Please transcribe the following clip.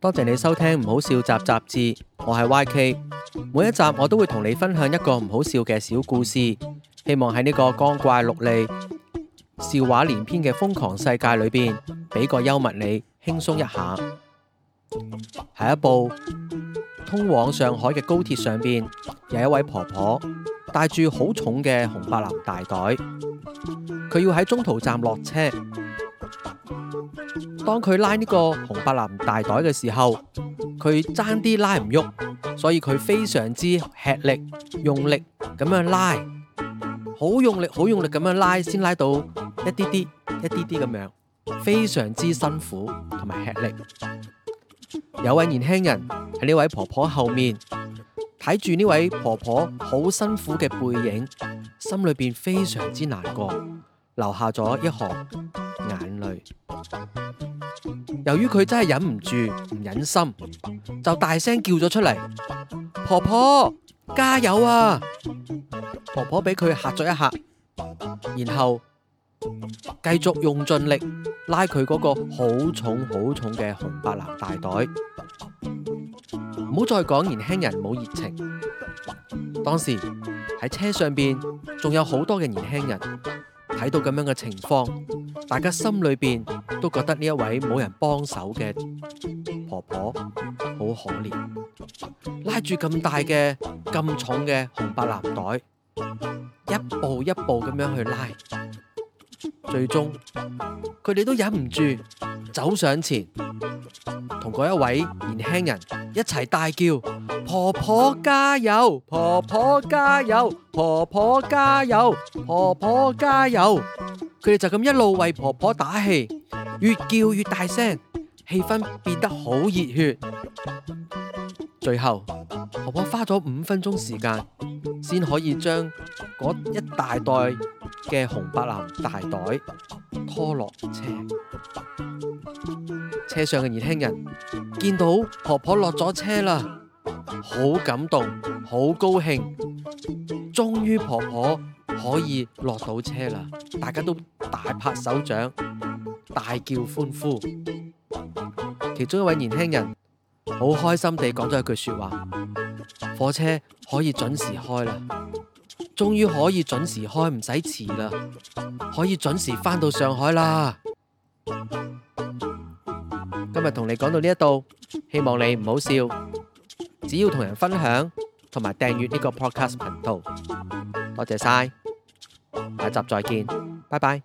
多謝你收聽《唔好笑》雜雜誌，我係 YK。每一集我都會同你分享一個唔好笑嘅小故事，希望喺呢個光怪陸離、笑話連篇嘅瘋狂世界裏邊，俾個幽默你輕鬆一下。下一部通往上海嘅高鐵上邊，有一位婆婆帶住好重嘅紅白藍大袋，佢要喺中途站落車。當佢拉呢個紅白藍大袋嘅時候，佢爭啲拉唔喐，所以佢非常之吃力用力咁樣拉，好用力好用力咁樣拉，先拉到一啲啲一啲啲咁樣，非常之辛苦同埋吃力。有位年輕人喺呢位婆婆後面睇住呢位婆婆好辛苦嘅背影，心裏邊非常之難過，流下咗一行眼淚。由於佢真係忍唔住唔忍心。就大聲叫咗出嚟，婆婆加油啊！婆婆俾佢吓咗一吓，然後繼續用盡力拉佢嗰個好重好重嘅紅白藍大袋。唔好再講年輕人冇熱情，當時喺車上邊仲有好多嘅年輕人睇到咁樣嘅情況，大家心裏邊都覺得呢一位冇人幫手嘅。婆婆好可憐，拉住咁大嘅咁重嘅紅白藍袋，一步一步咁樣去拉，最終佢哋都忍唔住走上前，同嗰一位年輕人一齊大叫：婆婆加油！婆婆加油！婆婆加油！婆婆加油！佢哋就咁一路為婆婆打氣，越叫越大聲。氣氛變得好熱血，最後婆婆花咗五分鐘時間，先可以將嗰一大袋嘅紅白藍大袋拖落車。車上嘅年輕人見到婆婆落咗車啦，好感動，好高興，終於婆婆可以落到車啦，大家都大拍手掌，大叫歡呼。其中一位年輕人好開心地講咗一句說話：火車可以準時開啦，終於可以準時開，唔使遲啦，可以準時翻到上海啦。今日同你講到呢一度，希望你唔好笑，只要同人分享同埋訂閱呢個 Podcast 頻道，多謝晒，下集再見，拜拜。